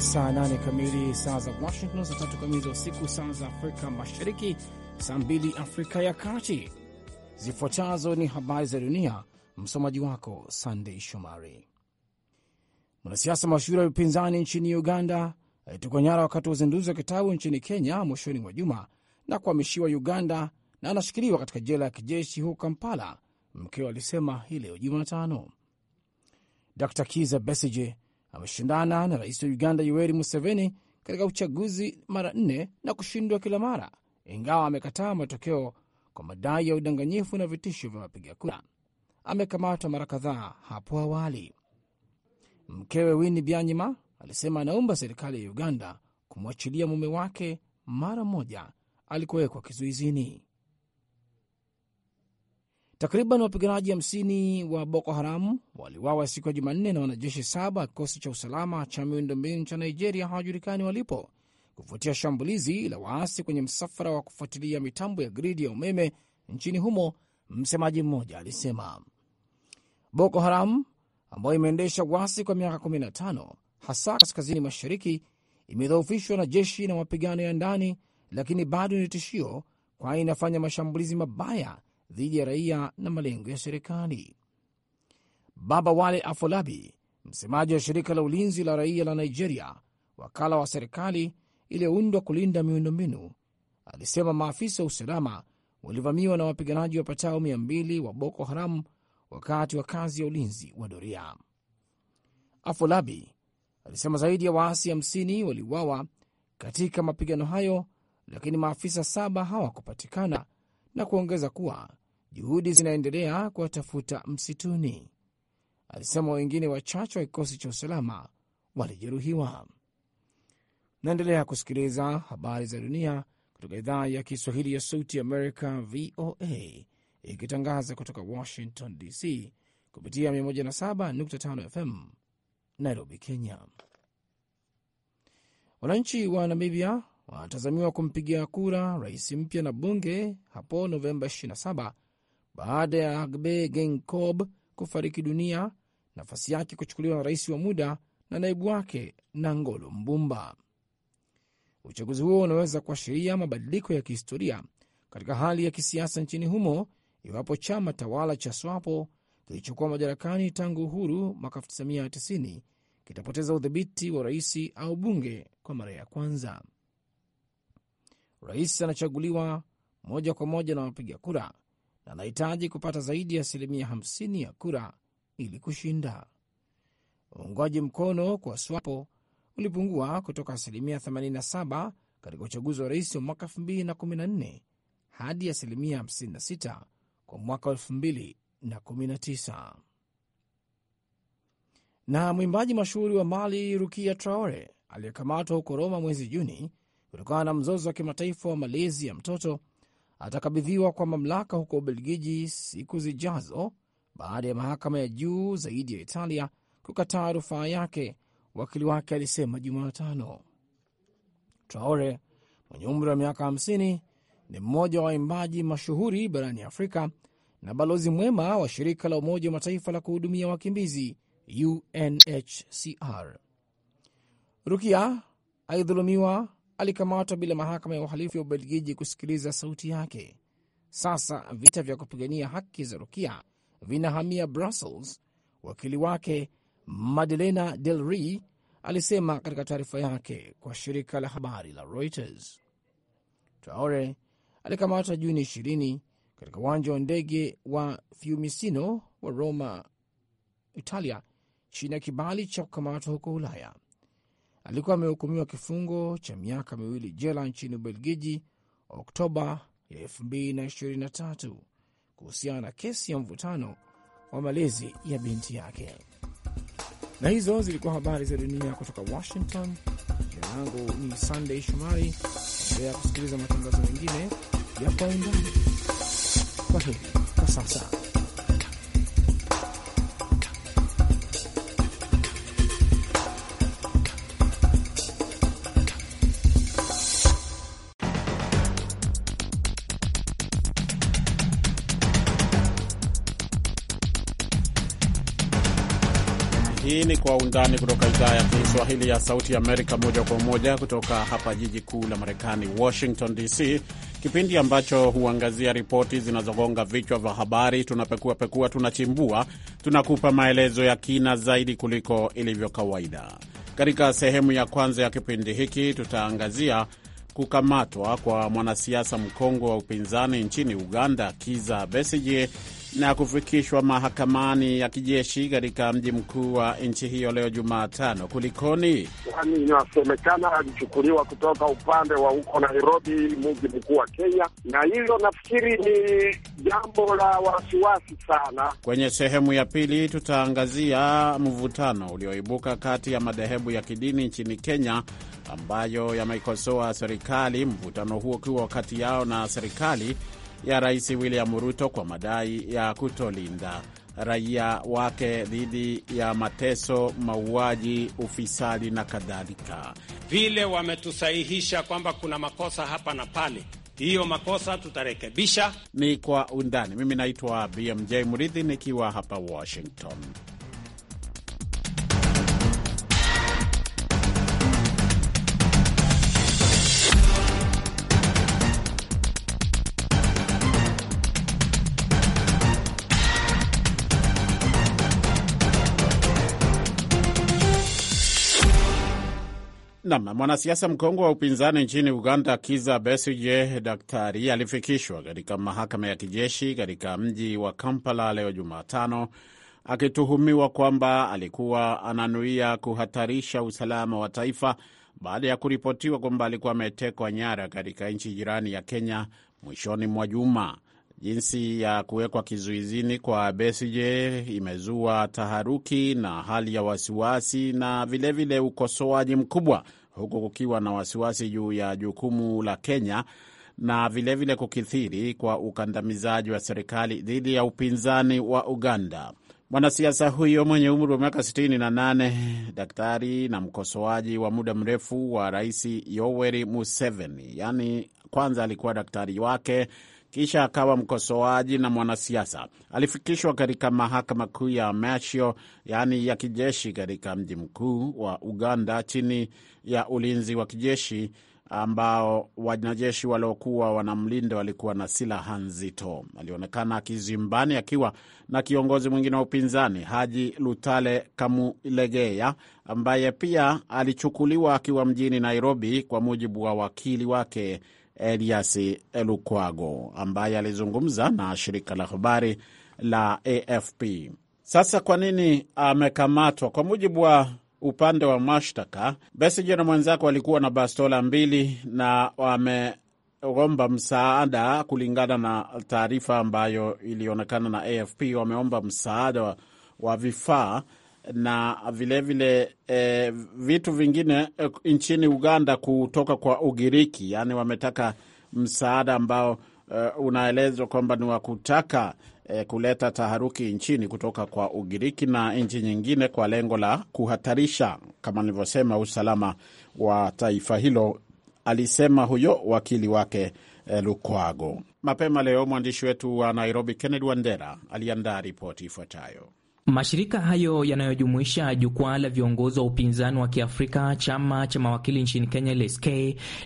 saa 8 kamili saa za Washington, saa tatu kamili za usiku saa za Afrika Mashariki, saa mbili Afrika ya Kati. Zifuatazo ni habari za dunia, msomaji wako Sandei Shomari. Mwanasiasa mashuhuri wa upinzani nchini Uganda alitekwa nyara wakati wa uzinduzi wa kitabu nchini Kenya mwishoni mwa juma na kuhamishiwa Uganda na anashikiliwa katika jela ya kijeshi huko Kampala, mkeo alisema hii leo Jumatano. Dr Kiza Besige ameshindana na rais wa Uganda Yoweri Museveni katika uchaguzi mara nne na kushindwa kila mara, ingawa amekataa matokeo kwa madai ya udanganyifu na vitisho vya wapiga kura. Amekamatwa mara kadhaa hapo awali. Mkewe wini Byanyima alisema anaomba serikali ya Uganda kumwachilia mume wake mara moja alikowekwa kizuizini. Takriban wapiganaji 50 wa Boko haram waliwawa siku ya Jumanne na wanajeshi saba wa kikosi cha usalama cha miundombinu cha Nigeria hawajulikani walipo kufuatia shambulizi la waasi kwenye msafara wa kufuatilia mitambo ya gridi ya umeme nchini humo. Msemaji mmoja alisema Boko Haram ambayo imeendesha uasi kwa miaka 15 hasa kaskazini mashariki imedhoofishwa na jeshi na mapigano ya ndani, lakini bado ni tishio, kwani inafanya mashambulizi mabaya dhidi ya raia na malengo ya serikali. Baba Wale Afolabi, msemaji wa shirika la ulinzi la raia la Nigeria, wakala wa serikali iliyoundwa kulinda miundombinu, alisema maafisa wa usalama walivamiwa na wapiganaji wapatao mia mbili wa Boko Haram wakati wa kazi ya ulinzi wa doria. Afolabi alisema zaidi ya waasi 50 waliuawa katika mapigano hayo, lakini maafisa saba hawakupatikana na kuongeza kuwa juhudi zinaendelea kuwatafuta msituni, alisema. Wengine wachache wa kikosi cha usalama walijeruhiwa. Naendelea kusikiliza habari za dunia kutoka idhaa ya Kiswahili ya Sauti Amerika, VOA, ikitangaza kutoka Washington DC kupitia 107.5 FM Nairobi, Kenya. Wananchi wa Namibia wanatazamiwa kumpigia kura rais mpya na bunge hapo Novemba 27 baada ya Hagbe Genkob kufariki dunia, nafasi yake kuchukuliwa na rais wa muda na naibu wake Nangolo Mbumba. Uchaguzi huo unaweza kuashiria mabadiliko ya kihistoria katika hali ya kisiasa nchini humo iwapo chama tawala cha SWAPO kilichokuwa madarakani tangu uhuru mwaka 1990 kitapoteza udhibiti wa rais au bunge kwa mara ya kwanza. Rais anachaguliwa moja kwa moja na wapiga kura na anahitaji kupata zaidi ya asilimia 50 ya kura ili kushinda. Uungwaji mkono kwa Swapo ulipungua kutoka asilimia 87 katika uchaguzi wa rais wa mwaka 2014 hadi asilimia 56 kwa mwaka 2019. Na mwimbaji mashuhuri wa Mali Rukia Traore aliyekamatwa huko Roma mwezi Juni kutokana na mzozo wa kimataifa wa malezi ya mtoto atakabidhiwa kwa mamlaka huko Ubelgiji siku zijazo baada ya mahakama ya juu zaidi ya Italia kukataa rufaa yake, wakili wake alisema Jumatano. Traore mwenye umri wa miaka 50 ni mmoja wa waimbaji mashuhuri barani Afrika na balozi mwema wa shirika la Umoja wa Mataifa la kuhudumia wakimbizi UNHCR. Rukia alidhulumiwa alikamatwa bila mahakama ya uhalifu ya Ubelgiji kusikiliza sauti yake. Sasa vita vya kupigania haki za Rukia vinahamia Brussels, wakili wake Madelena Del Rey alisema katika taarifa yake kwa shirika la habari la Reuters. Traore alikamatwa Juni 20 katika uwanja wa ndege wa Fiumicino wa Roma, Italia, chini ya kibali cha kukamatwa huko Ulaya alikuwa amehukumiwa kifungo cha miaka miwili jela nchini Ubelgiji Oktoba ya 2023 kuhusiana na kesi ya mvutano wa malezi ya binti yake. Na hizo zilikuwa habari za dunia kutoka Washington. Jina langu ni Sandey Shomari. Endelea kusikiliza matangazo mengine ya Kwa Undani. Kwa heri kwa sasa. ni Kwa Undani kutoka idhaa ya Kiswahili ya Sauti ya Amerika, moja kwa moja kutoka hapa jiji kuu la Marekani, Washington DC, kipindi ambacho huangazia ripoti zinazogonga vichwa vya habari. Tunapekuapekua, tunachimbua, tunakupa maelezo ya kina zaidi kuliko ilivyo kawaida. Katika sehemu ya kwanza ya kipindi hiki tutaangazia kukamatwa kwa mwanasiasa mkongwe wa upinzani nchini Uganda, Kiza Besigye na kufikishwa mahakamani ya kijeshi katika mji mkuu wa nchi hiyo leo Jumatano. Kulikoni? Kwani inasemekana alichukuliwa kutoka upande wa huko Nairobi, mji mkuu wa Kenya, na hilo nafikiri ni jambo la wasiwasi sana. Kwenye sehemu ya pili tutaangazia mvutano ulioibuka kati ya madhehebu ya kidini nchini Kenya ambayo yameikosoa serikali, mvutano huo ukiwa kati yao na serikali ya Rais William Ruto kwa madai ya kutolinda raia wake dhidi ya mateso, mauaji, ufisadi na kadhalika. Vile wametusahihisha kwamba kuna makosa hapa na pale, hiyo makosa tutarekebisha. Ni kwa undani. Mimi naitwa BMJ Murithi nikiwa hapa Washington. Nam. Mwanasiasa mkongwe wa upinzani nchini Uganda, Kiza Besije Daktari, alifikishwa katika mahakama ya kijeshi katika mji wa Kampala leo Jumatano akituhumiwa kwamba alikuwa ananuia kuhatarisha usalama wa taifa baada ya kuripotiwa kwamba alikuwa ametekwa nyara katika nchi jirani ya Kenya mwishoni mwa juma. Jinsi ya kuwekwa kizuizini kwa Besigye imezua taharuki na hali ya wasiwasi na vilevile ukosoaji mkubwa, huku kukiwa na wasiwasi juu ya jukumu la Kenya na vilevile vile kukithiri kwa ukandamizaji wa serikali dhidi ya upinzani wa Uganda. Mwanasiasa huyo mwenye umri wa miaka 68, daktari na mkosoaji wa muda mrefu wa Rais Yoweri Museveni, yaani kwanza alikuwa daktari wake kisha akawa mkosoaji na mwanasiasa. Alifikishwa katika mahakama kuu ya Amachio, yaani ya kijeshi, katika mji mkuu wa Uganda chini ya ulinzi wa kijeshi ambao wanajeshi waliokuwa wanamlinda walikuwa na silaha nzito. Alionekana kizimbani akiwa na kiongozi mwingine wa upinzani Haji Lutale Kamulegeya, ambaye pia alichukuliwa akiwa mjini Nairobi, kwa mujibu wa wakili wake Elias Lukwago ambaye alizungumza na shirika la habari la AFP. Sasa kwa nini amekamatwa? Kwa mujibu wa upande wa mashtaka, Besigye na mwenzako walikuwa na bastola mbili na wameomba msaada, kulingana na taarifa ambayo ilionekana na AFP, wameomba msaada wa, wa vifaa na vilevile vile, e, vitu vingine e, nchini Uganda kutoka kwa Ugiriki, yaani wametaka msaada ambao e, unaelezwa kwamba ni wa kutaka e, kuleta taharuki nchini kutoka kwa Ugiriki na nchi nyingine kwa lengo la kuhatarisha, kama nilivyosema, usalama wa taifa hilo, alisema huyo wakili wake e, Lukwago. Mapema leo mwandishi wetu wa Nairobi Kennedy Wandera aliandaa ripoti ifuatayo. Mashirika hayo yanayojumuisha jukwaa la viongozi wa upinzani wa Kiafrika, chama cha mawakili nchini Kenya LSK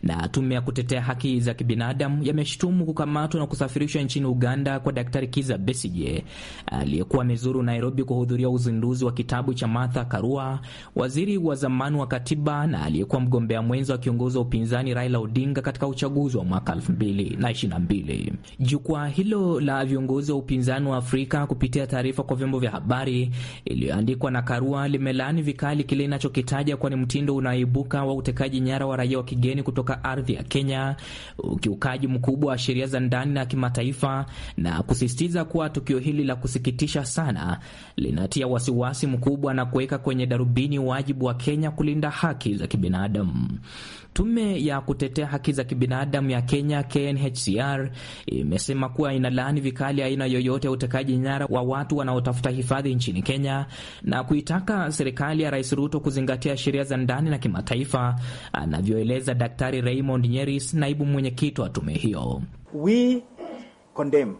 na tume ya kutetea haki za kibinadamu yameshutumu kukamatwa na kusafirishwa nchini Uganda kwa Daktari Kiza Besije aliyekuwa amezuru Nairobi kuhudhuria uzinduzi wa kitabu cha Martha Karua, waziri wa zamani wa katiba na aliyekuwa mgombea mwenzi wa kiongozi wa upinzani Raila Odinga katika uchaguzi wa mwaka 2022. Jukwaa hilo la viongozi wa upinzani wa Afrika kupitia taarifa kwa vyombo vya habari habari iliyoandikwa na Karua limelaani vikali kile inachokitaja kuwa ni mtindo unaoibuka wa utekaji nyara wa raia wa kigeni kutoka ardhi ya Kenya, ukiukaji mkubwa wa sheria za ndani na kimataifa, na kusisitiza kuwa tukio hili la kusikitisha sana linatia wasiwasi mkubwa na kuweka kwenye darubini wajibu wa Kenya kulinda haki za kibinadamu. Tume ya kutetea haki za kibinadamu ya Kenya, KNHCR, imesema kuwa inalaani vikali aina yoyote ya utekaji nyara wa watu wanaotafuta hifadhi nchini Kenya na kuitaka serikali ya Rais Ruto kuzingatia sheria za ndani na kimataifa, anavyoeleza Daktari Raymond Nyeris, naibu mwenyekiti wa tume hiyo. We condemn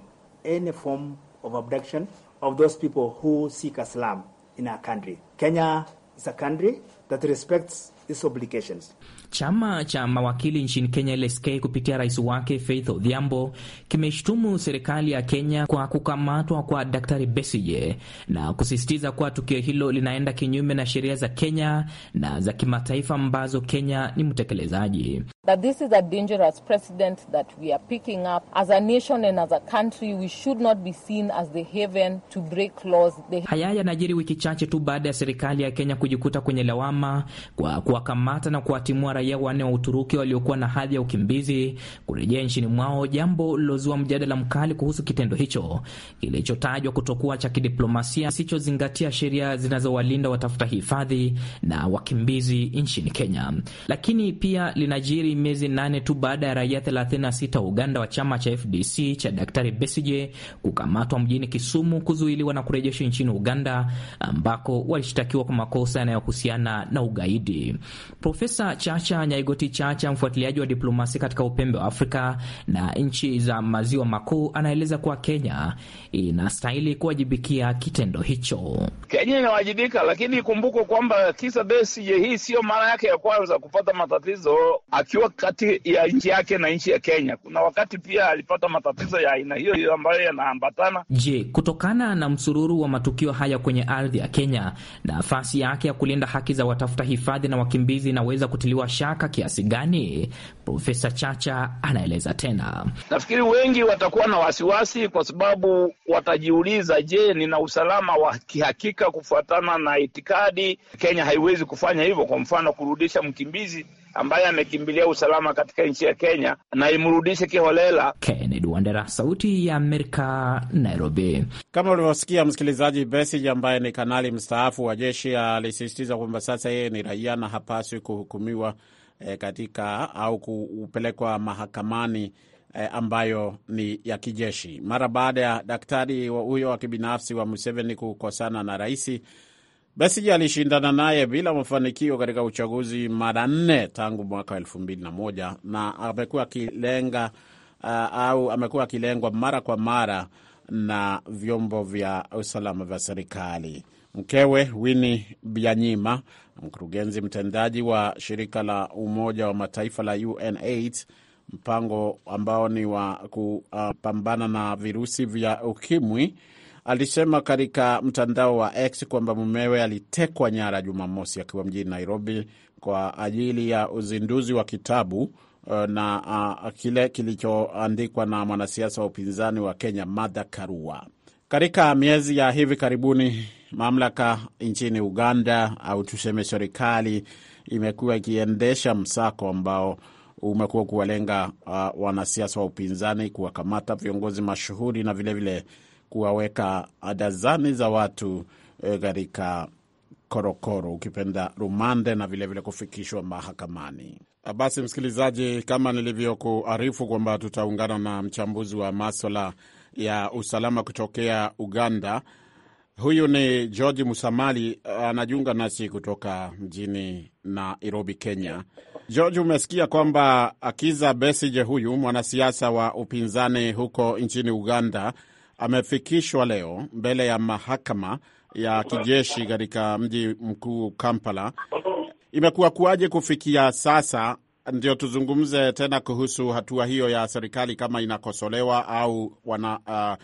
any form of abduction of those people who seek asylum in our country. Kenya is a country that respects its obligations. Chama cha mawakili nchini Kenya, LSK, kupitia rais wake Faith Odhiambo kimeshtumu serikali ya Kenya kwa kukamatwa kwa Daktari Besigye na kusisitiza kuwa tukio hilo linaenda kinyume na sheria za Kenya na za kimataifa ambazo Kenya ni mtekelezaji that this is a dangerous precedent that we are picking up. As a nation and as a country, we should not be seen as the haven to break laws. The... Haya yanajiri wiki chache tu baada ya serikali ya Kenya kujikuta kwenye lawama kwa kuwakamata na kuwatimua raia wanne wa Uturuki waliokuwa na hadhi ya ukimbizi kurejea nchini mwao, jambo lilozua mjadala mkali kuhusu kitendo hicho kilichotajwa kutokuwa cha kidiplomasia, kisichozingatia sheria zinazowalinda watafuta hifadhi na wakimbizi nchini Kenya, lakini pia linajiri ikiwa miezi nane tu baada ya raia 36 wa Uganda wa chama cha FDC cha Daktari Besigye kukamatwa mjini Kisumu, kuzuiliwa na kurejeshwa nchini Uganda ambako walishtakiwa kwa makosa yanayohusiana na ugaidi. Profesa Chacha Nyaigoti Chacha, mfuatiliaji wa diplomasi katika upembe wa Afrika na nchi za maziwa makuu, anaeleza kuwa Kenya inastahili kuwajibikia kitendo hicho. Kenya inawajibika, lakini ikumbukwe kwamba kisa Besigye hii siyo mara yake ya kwanza kupata matatizo akiwa akiwa kati ya nchi yake na nchi ya Kenya. Kuna wakati pia alipata matatizo ya aina hiyo hiyo ambayo yanaambatana. Je, kutokana na msururu wa matukio haya kwenye ardhi ya Kenya, nafasi yake ya kulinda haki za watafuta hifadhi na wakimbizi inaweza kutiliwa shaka kiasi gani? Profesa Chacha anaeleza tena. Nafikiri wengi watakuwa na wasiwasi kwa sababu watajiuliza, je, nina usalama wa kihakika kufuatana na itikadi? Kenya haiwezi kufanya hivyo, kwa mfano kurudisha mkimbizi ambaye amekimbilia usalama katika nchi ya Kenya na imrudishe kiholela. Kennedy Wandera, Sauti ya Amerika, Nairobi. Kama ulivyosikia msikilizaji, Besigye ambaye ni kanali mstaafu wa jeshi alisisitiza kwamba sasa yeye ni raia na hapaswi kuhukumiwa eh, katika au kupelekwa mahakamani e, ambayo ni ya kijeshi, mara baada ya daktari huyo wa kibinafsi wa Museveni kukosana na raisi Besigye alishindana naye bila mafanikio katika uchaguzi mara nne tangu mwaka elfu mbili na moja na amekuwa akilenga uh, au amekuwa akilengwa mara kwa mara na vyombo vya usalama vya serikali. Mkewe wini Byanyima, mkurugenzi mtendaji wa shirika la Umoja wa Mataifa la UNAIDS, mpango ambao ni wa kupambana na virusi vya ukimwi alisema katika mtandao wa X kwamba mumewe alitekwa nyara Jumamosi akiwa mjini Nairobi kwa ajili ya uzinduzi wa kitabu uh, na uh, kile kilichoandikwa na mwanasiasa wa upinzani wa Kenya Martha Karua. Katika miezi ya hivi karibuni, mamlaka nchini Uganda au tuseme serikali imekuwa ikiendesha msako ambao umekuwa kuwalenga uh, wanasiasa wa upinzani, kuwakamata viongozi mashuhuri na vilevile vile kuwaweka dazani za watu eh, katika korokoro, ukipenda rumande, na vilevile vile kufikishwa mahakamani. Ah, basi msikilizaji, kama nilivyokuarifu kwamba tutaungana na mchambuzi wa maswala ya usalama kutokea Uganda. Huyu ni George Musamali, ah, anajiunga nasi kutoka mjini Nairobi, Kenya. George, umesikia kwamba akiza Besije, huyu mwanasiasa wa upinzani huko nchini Uganda, amefikishwa leo mbele ya mahakama ya kijeshi katika mji mkuu Kampala. Imekuwa kuwaje kufikia sasa? Ndio tuzungumze tena kuhusu hatua hiyo ya serikali kama inakosolewa au wana uh,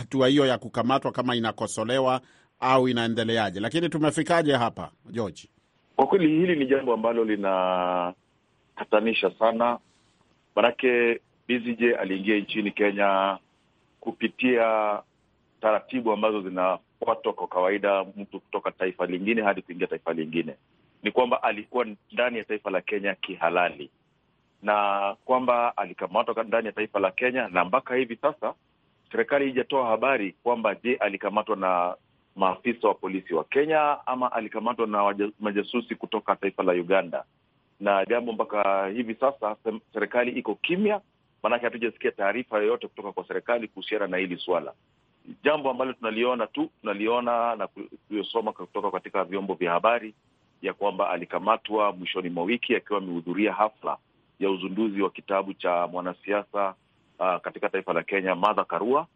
hatua hiyo ya kukamatwa kama inakosolewa au inaendeleaje, lakini tumefikaje hapa George? Kwa kweli hili ni jambo ambalo linatatanisha sana, manake Besigye aliingia nchini Kenya kupitia taratibu ambazo zinafuatwa kwa kawaida, mtu kutoka taifa lingine hadi kuingia taifa lingine, ni kwamba alikuwa ndani ya taifa la Kenya kihalali na kwamba alikamatwa ndani ya taifa la Kenya, na mpaka hivi sasa serikali haijatoa habari kwamba je, alikamatwa na maafisa wa polisi wa Kenya ama alikamatwa na majasusi kutoka taifa la Uganda. Na jambo mpaka hivi sasa serikali iko kimya maanake hatujasikia taarifa yoyote kutoka kwa serikali kuhusiana na hili swala. Jambo ambalo tunaliona tu, tunaliona na kuyosoma kutoka katika vyombo vya habari ya kwamba alikamatwa mwishoni mwa wiki akiwa amehudhuria hafla ya uzunduzi wa kitabu cha mwanasiasa uh, katika taifa la Kenya madha Karua,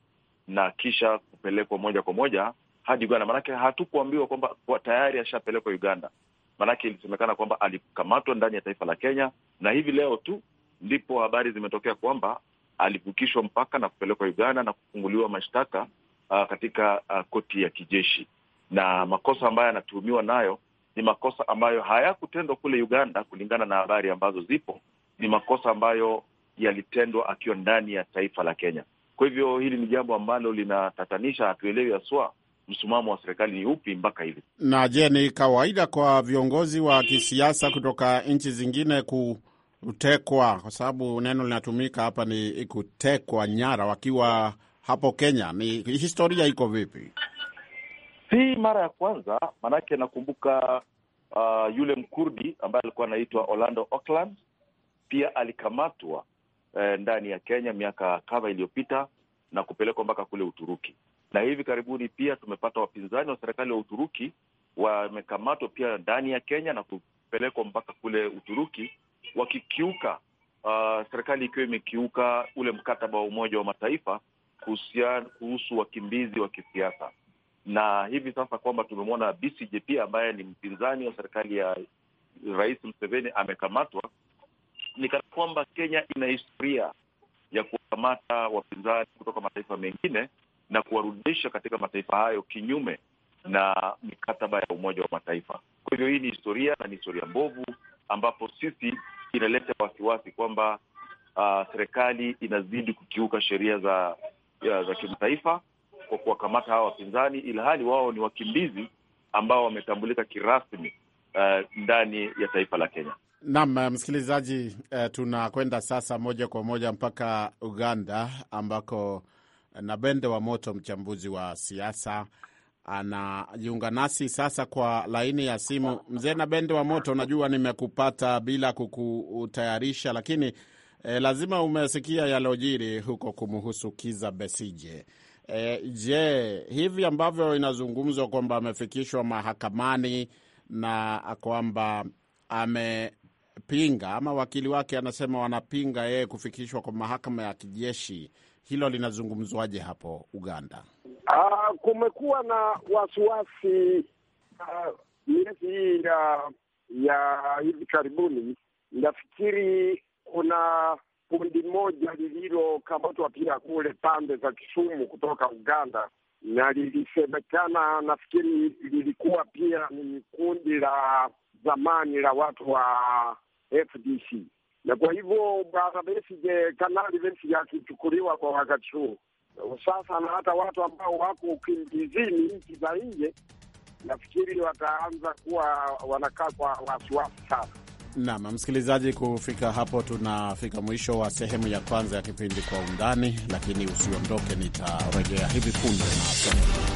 na kisha kupelekwa moja kwa moja hadi Uganda. Maanake hatukuambiwa kwamba kwa tayari ashapelekwa Uganda, maanake ilisemekana kwamba alikamatwa ndani ya taifa la Kenya, na hivi leo tu ndipo habari zimetokea kwamba alivukishwa mpaka na kupelekwa Uganda na kufunguliwa mashtaka uh, katika uh, koti ya kijeshi, na makosa ambayo anatuhumiwa nayo ni makosa ambayo hayakutendwa kule Uganda, kulingana na habari ambazo zipo, ni makosa ambayo yalitendwa akiwa ndani ya taifa la Kenya. Kwa hivyo hili ni jambo ambalo linatatanisha, hatuelewi haswa msimamo wa serikali ni upi mpaka hivi. Na je, ni kawaida kwa viongozi wa kisiasa kutoka nchi zingine ku kutekwa, kwa sababu neno linatumika hapa ni kutekwa nyara wakiwa hapo Kenya. Ni historia iko vipi? Si mara ya kwanza, maanake nakumbuka uh, yule mkurdi ambaye alikuwa anaitwa Orlando Oakland pia alikamatwa eh, ndani ya Kenya miaka kadha iliyopita na kupelekwa mpaka kule Uturuki, na hivi karibuni pia tumepata wapinzani wa serikali wa Uturuki wamekamatwa pia ndani ya Kenya na kupelekwa mpaka kule Uturuki wakikiuka uh, serikali ikiwa imekiuka ule mkataba wa Umoja wa Mataifa kuhusiana kuhusu wakimbizi wa kisiasa, na hivi sasa kwamba tumemwona BCJ pia ambaye ni mpinzani wa serikali ya Rais Museveni amekamatwa, ni kana kwamba Kenya ina historia ya kuwakamata wapinzani kutoka mataifa mengine na kuwarudisha katika mataifa hayo kinyume na mikataba ya Umoja wa Mataifa. Kwa hivyo hii ni historia na ni historia mbovu ambapo sisi inaleta wasiwasi kwamba uh, serikali inazidi kukiuka sheria za ya, za kimataifa kwa kuwakamata hawa wapinzani, ilhali wao ni wakimbizi ambao wametambulika kirasmi uh, ndani ya taifa la Kenya. Naam uh, msikilizaji, uh, tunakwenda sasa moja kwa moja mpaka Uganda ambako uh, Nabende wa Moto, mchambuzi wa siasa anajiunga nasi sasa kwa laini ya simu. Mzee na bende wa moto, najua nimekupata bila kukutayarisha, lakini eh, lazima umesikia yalojiri huko kumhusu Kiza Besije. Eh, je, hivi ambavyo inazungumzwa kwamba amefikishwa mahakamani na kwamba amepinga ama wakili wake anasema wanapinga yeye kufikishwa kwa mahakama ya kijeshi hilo linazungumzwaje hapo Uganda? Uh, kumekuwa na wasiwasi ah, miezi uh, hii ya ya hivi karibuni. Nafikiri kuna kundi moja lililokamatwa pia kule pande za Kisumu kutoka Uganda, na lilisemekana, nafikiri lilikuwa pia ni kundi la zamani la watu wa FDC na kwa hivyo bwana Besigye, kanali Besigye akichukuliwa kwa wakati huu sasa, na hata watu ambao wako ukimbizini nchi za nje, nafikiri wataanza kuwa wanakaa kwa wasiwasi sana. nam msikilizaji, kufika hapo tunafika mwisho wa sehemu ya kwanza ya kipindi Kwa Undani, lakini usiondoke, nitarejea hivi punde na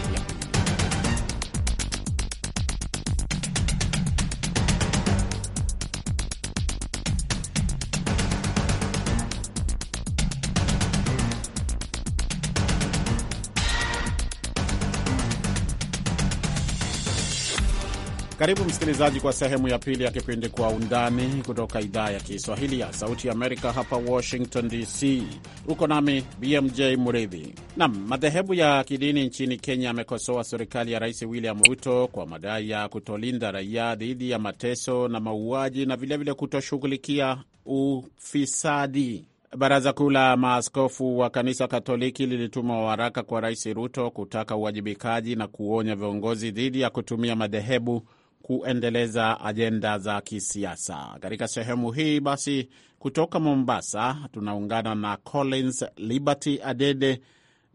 Karibu msikilizaji kwa sehemu ya pili ya kipindi Kwa Undani kutoka idhaa ya Kiswahili ya Sauti ya Amerika, hapa Washington DC. Uko nami BMJ mridhi Nam, madhehebu ya kidini nchini Kenya yamekosoa serikali ya Rais William Ruto kwa madai ya kutolinda raia dhidi ya mateso na mauaji na vilevile kutoshughulikia ufisadi. Baraza Kuu la Maaskofu wa Kanisa Katoliki lilituma waraka kwa Rais Ruto kutaka uwajibikaji na kuonya viongozi dhidi ya kutumia madhehebu kuendeleza ajenda za kisiasa. Katika sehemu hii basi, kutoka Mombasa tunaungana na Collins Liberty Adede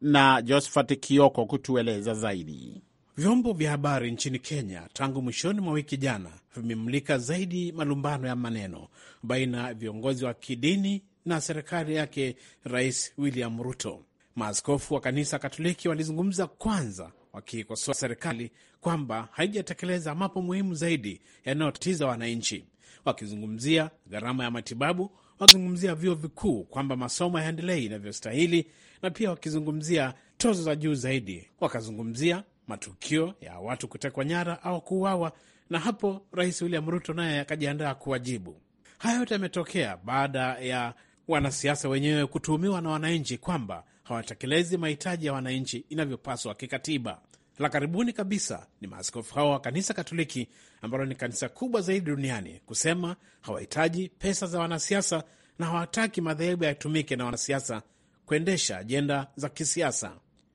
na Josephat Kioko kutueleza zaidi. Vyombo vya habari nchini Kenya tangu mwishoni mwa wiki jana vimemulika zaidi malumbano ya maneno baina ya viongozi wa kidini na serikali yake Rais William Ruto. Maaskofu wa kanisa Katoliki walizungumza kwanza wakikosoa serikali kwamba haijatekeleza mapo muhimu zaidi yanayotatiza wananchi, wakizungumzia gharama ya matibabu, wakizungumzia vyuo vikuu kwamba masomo yaendelei inavyostahili, na pia wakizungumzia tozo za juu zaidi, wakazungumzia matukio ya watu kutekwa nyara au kuuawa, na hapo Rais William Ruto naye akajiandaa kuwajibu. Haya yote yametokea baada ya wanasiasa wenyewe kutuhumiwa na wananchi kwamba hawatekelezi mahitaji ya wananchi inavyopaswa kikatiba la karibuni kabisa ni maaskofu hao wa kanisa Katoliki ambalo ni kanisa kubwa zaidi duniani kusema hawahitaji pesa za wanasiasa na hawataki madhehebu yatumike na wanasiasa kuendesha ajenda za kisiasa.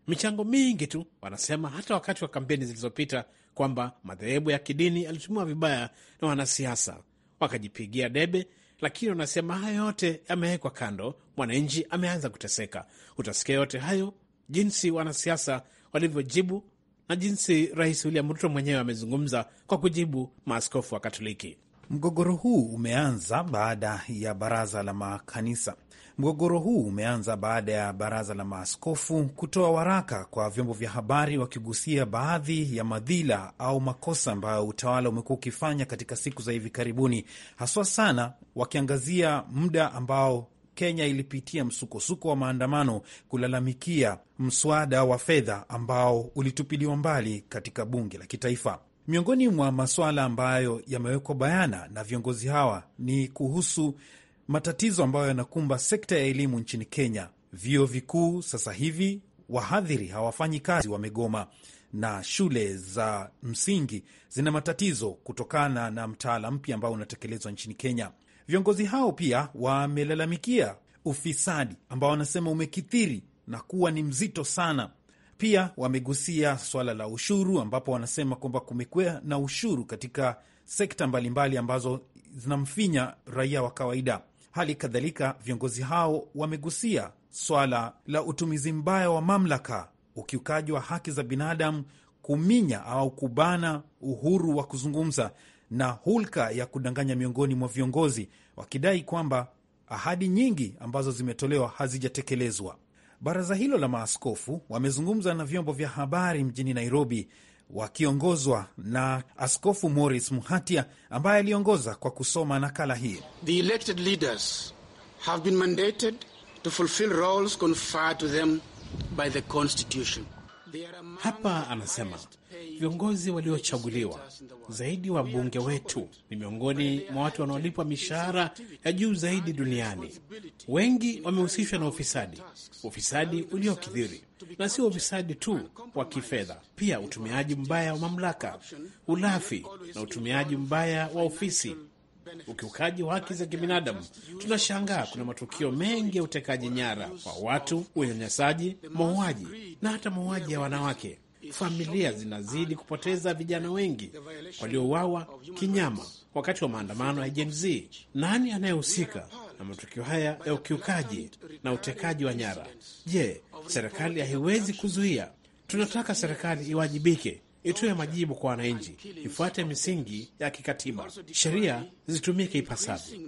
Michango mingi tu wanasema, hata wakati wa kampeni zilizopita, kwamba madhehebu ya kidini yalitumiwa vibaya na wanasiasa wakajipigia debe, lakini wanasema hayo yote yamewekwa kando, mwananchi ameanza kuteseka. Utasikia yote hayo jinsi wanasiasa walivyojibu na jinsi Rais William Ruto mwenyewe amezungumza kwa kujibu maaskofu wa Katoliki. Mgogoro huu umeanza baada ya baraza la makanisa. Mgogoro huu umeanza baada ya baraza la maaskofu kutoa waraka kwa vyombo vya habari wakigusia baadhi ya madhila au makosa ambayo utawala umekuwa ukifanya katika siku za hivi karibuni, haswa sana wakiangazia muda ambao Kenya ilipitia msukosuko wa maandamano kulalamikia mswada wa fedha ambao ulitupiliwa mbali katika bunge la kitaifa. Miongoni mwa masuala ambayo yamewekwa bayana na viongozi hawa ni kuhusu matatizo ambayo yanakumba sekta ya elimu nchini Kenya. Vyuo vikuu sasa hivi wahadhiri hawafanyi kazi, wamegoma, na shule za msingi zina matatizo kutokana na mtaala mpya ambao unatekelezwa nchini Kenya. Viongozi hao pia wamelalamikia ufisadi ambao wanasema umekithiri na kuwa ni mzito sana. Pia wamegusia swala la ushuru, ambapo wanasema kwamba kumekuwa na ushuru katika sekta mbalimbali ambazo zinamfinya raia wa kawaida. Hali kadhalika, viongozi hao wamegusia swala la utumizi mbaya wa mamlaka, ukiukaji wa haki za binadamu, kuminya au kubana uhuru wa kuzungumza na hulka ya kudanganya miongoni mwa viongozi, wakidai kwamba ahadi nyingi ambazo zimetolewa hazijatekelezwa. Baraza hilo la maaskofu wamezungumza na vyombo vya habari mjini Nairobi wakiongozwa na Askofu Morris Muhatia ambaye aliongoza kwa kusoma nakala hii. The elected leaders have been mandated to fulfill roles conferred to them by the Constitution. Hapa anasema viongozi waliochaguliwa zaidi, wa bunge wetu ni miongoni mwa watu wanaolipwa mishahara ya juu zaidi duniani. Wengi wamehusishwa na ufisadi, ufisadi uliokithiri, na sio ufisadi tu wa kifedha, pia utumiaji mbaya wa mamlaka, ulafi na utumiaji mbaya wa ofisi ukiukaji wa haki za kibinadamu. Tunashangaa kuna matukio mengi ya utekaji nyara kwa watu, unyanyasaji, mauaji na hata mauaji ya wanawake. Familia zinazidi kupoteza vijana wengi waliouawa kinyama wakati wa maandamano ya Gen Z. Nani anayehusika na matukio haya ya ukiukaji na utekaji wa nyara? Je, serikali haiwezi kuzuia? Tunataka serikali iwajibike itoe majibu kwa wananchi, ifuate misingi ya kikatiba, sheria zitumike ipasavyo.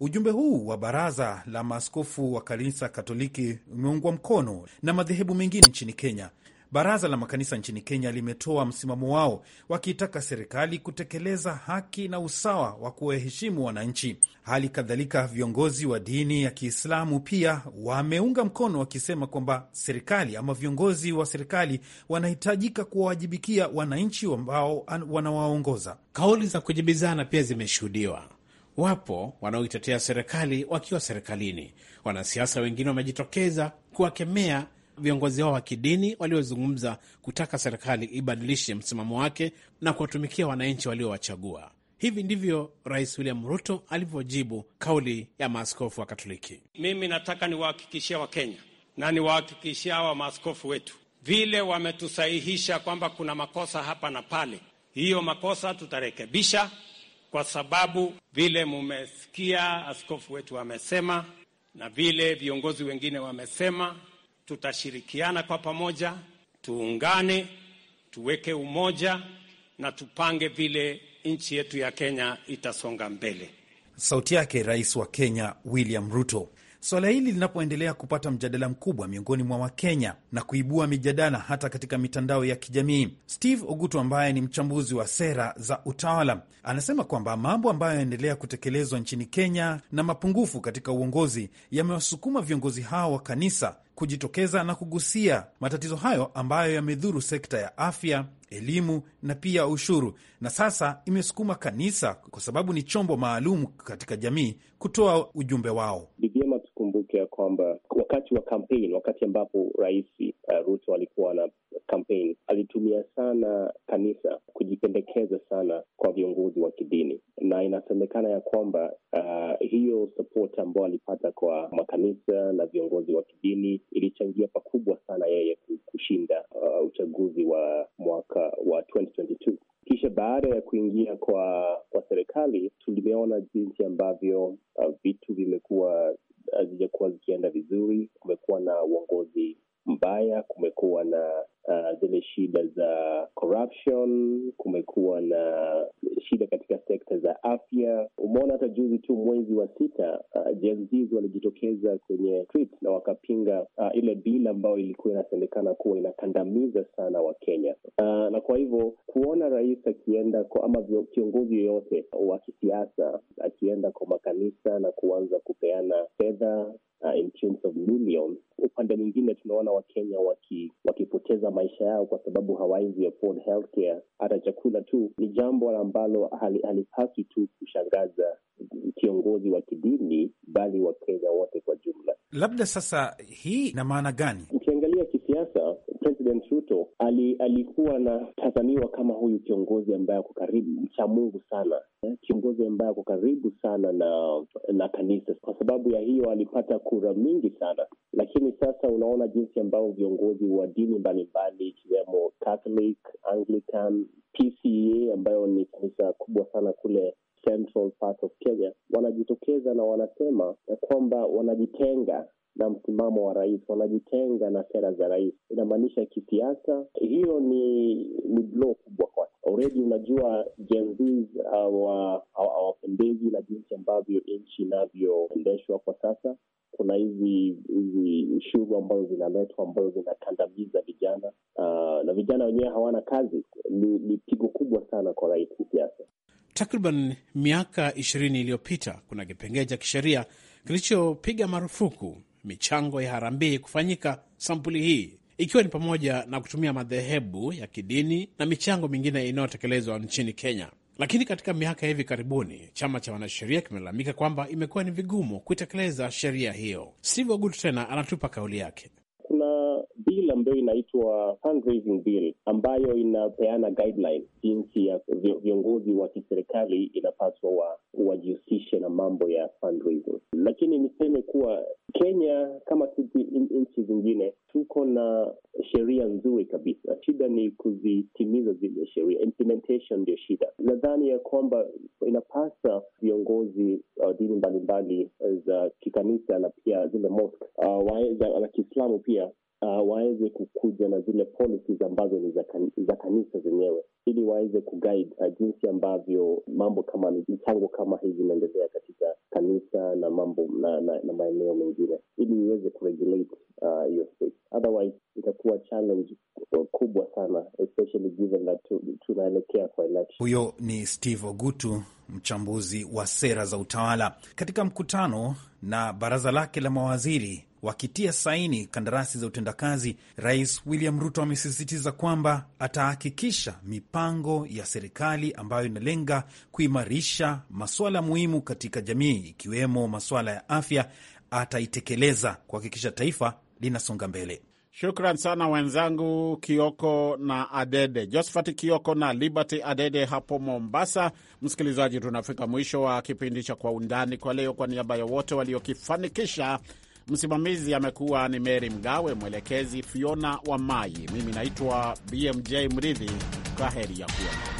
Ujumbe huu wa Baraza la Maaskofu wa Kanisa Katoliki umeungwa mkono na madhehebu mengine nchini Kenya Baraza la Makanisa nchini Kenya limetoa msimamo wao wakiitaka serikali kutekeleza haki na usawa wa kuwaheshimu wananchi. Hali kadhalika, viongozi wa dini ya Kiislamu pia wameunga mkono wakisema kwamba serikali ama viongozi wa serikali wanahitajika kuwawajibikia wananchi ambao wanawaongoza. Kauli za kujibizana pia zimeshuhudiwa. Wapo wanaoitetea serikali wakiwa serikalini, wanasiasa wengine wamejitokeza kuwakemea viongozi hao wa kidini waliozungumza kutaka serikali ibadilishe msimamo wake na kuwatumikia wananchi waliowachagua. Hivi ndivyo Rais William Ruto alivyojibu kauli ya maaskofu wa Katoliki. Mimi nataka niwahakikishia Wakenya na niwahakikishia hawa maaskofu wetu vile wametusahihisha kwamba kuna makosa hapa na pale, hiyo makosa tutarekebisha, kwa sababu vile mumesikia askofu wetu wamesema na vile viongozi wengine wamesema tutashirikiana kwa pamoja, tuungane, tuweke umoja na tupange vile nchi yetu ya Kenya itasonga mbele. Sauti yake Rais wa Kenya William Ruto. Swala hili linapoendelea kupata mjadala mkubwa miongoni mwa Wakenya na kuibua mijadala hata katika mitandao ya kijamii, Steve Ogutu ambaye ni mchambuzi wa sera za utawala anasema kwamba mambo ambayo yanaendelea kutekelezwa nchini Kenya na mapungufu katika uongozi yamewasukuma viongozi hao wa kanisa kujitokeza na kugusia matatizo hayo ambayo yamedhuru sekta ya afya, elimu na pia ushuru, na sasa imesukuma kanisa, kwa sababu ni chombo maalum katika jamii, kutoa ujumbe wao. Ni vyema tukumbuke ya kwamba wakati wa kampeni, wakati ambapo Rais uh, Ruto alikuwa na kampeni, alitumia sana kanisa kujipendekeza sana kwa viongozi wa kidini, na inasemekana ya kwamba uh, hiyo spot ambayo alipata kwa makanisa na viongozi wa kidini ilichangia pakubwa sana yeye kushinda uh, uchaguzi wa mwaka wa 2022. Kisha baada ya kuingia kwa kwa serikali tulimeona jinsi ambavyo uh, vitu vimekuwa hazijakuwa zikienda vizuri. Kumekuwa na uongozi mbaya, kumekuwa na uh, zile shida za corruption, kumekuwa na shida katika sekta za afya. Umeona hata juzi tu mwezi wa sita uh, Gen Z walijitokeza kwenye street na wakapinga uh, ile bili ambayo ilikuwa inasemekana kuwa inakandamiza sana Wakenya uh, na kwa hivyo kuona rais akienda ama kiongozi yoyote wa kisiasa akienda kwa makanisa na kuanza kupeana fedha uh, in of millions, upande mwingine tunaona Wakenya waki, wakipoteza maisha yao kwa sababu hawawezi afford healthcare hata chakula tu, ni jambo ambalo halipaswi tu kushangaza kiongozi wa kidini, bali Wakenya wote kwa jumla. Labda sasa hii ina maana gani? Ukiangalia kisiasa, President Ruto ali, alikuwa anatazamiwa kama huyu kiongozi ambaye ako karibu mcha Mungu sana, eh, kiongozi ambaye ako karibu sana na na kanisa. Kwa sababu ya hiyo alipata kura mingi sana, lakini sasa unaona jinsi ambayo viongozi wa dini mbalimbali ikiwemo Catholic, Anglican, e, ambayo ni kanisa kubwa sana kule Central part of Kenya wanajitokeza na wanasema kwamba wanajitenga na msimamo wa rais, wanajitenga na sera za rais. Inamaanisha kisiasa, hiyo ni ni blow kubwa kwake. Already unajua Gen Z uh, hawapendezi na jinsi ambavyo nchi inavyoendeshwa kwa sasa. Kuna hizi hizi ambazo zinaletwa ambazo zinakandamiza vijana uh, na vijana wenyewe hawana kazi. Ni, ni pigo kubwa sana kwa rais kisiasa. Takriban miaka ishirini iliyopita kuna kipengee cha kisheria kilichopiga marufuku michango ya harambee kufanyika sampuli hii, ikiwa ni pamoja na kutumia madhehebu ya kidini na michango mingine inayotekelezwa nchini Kenya. Lakini katika miaka ya hivi karibuni, chama cha wanasheria kimelalamika kwamba imekuwa ni vigumu kuitekeleza sheria hiyo. Steve Ogutu tena anatupa kauli yake. Kuna bill ambayo inaitwa fundraising bill ambayo inapeana guideline jinsi ya viongozi wa kiserikali inapaswa wajihusishe na mambo ya fundraising. Lakini niseme kuwa Kenya kama nchi zingine tuko na sheria nzuri kabisa, shida ni kuzitimiza zile sheria. Implementation shida. Nadhani ya kwamba inapasa viongozi uh, dini mbalimbali eh, za kikanisa na pia zile mosque uh, za Kiislamu pia uh, waweze kukuja na zile policies ambazo ni za, kanisa zenyewe ili waweze kuguide uh, jinsi ambavyo mambo kama michango kama hii zinaendelea katika kanisa na mambo na, na, na maeneo mengine ili iweze kuregulate uh, hiyo uh, Otherwise itakuwa challenge kubwa sana especially given that tunaelekea kwa election. Huyo ni Steve Ogutu, mchambuzi wa sera za utawala. Katika mkutano na baraza lake la mawaziri Wakitia saini kandarasi za utendakazi, Rais William Ruto amesisitiza kwamba atahakikisha mipango ya serikali ambayo inalenga kuimarisha masuala muhimu katika jamii ikiwemo masuala ya afya ataitekeleza kuhakikisha taifa linasonga mbele. Shukran sana wenzangu Kioko na Adede, Josphat Kioko na Liberty Adede hapo Mombasa. Msikilizaji, tunafika mwisho wa kipindi cha Kwa Undani kwa leo. Kwa niaba ya wote waliokifanikisha, Msimamizi amekuwa ni Meri Mgawe, mwelekezi Fiona wa Mai. Mimi naitwa BMJ Mridhi. heri ya kuona.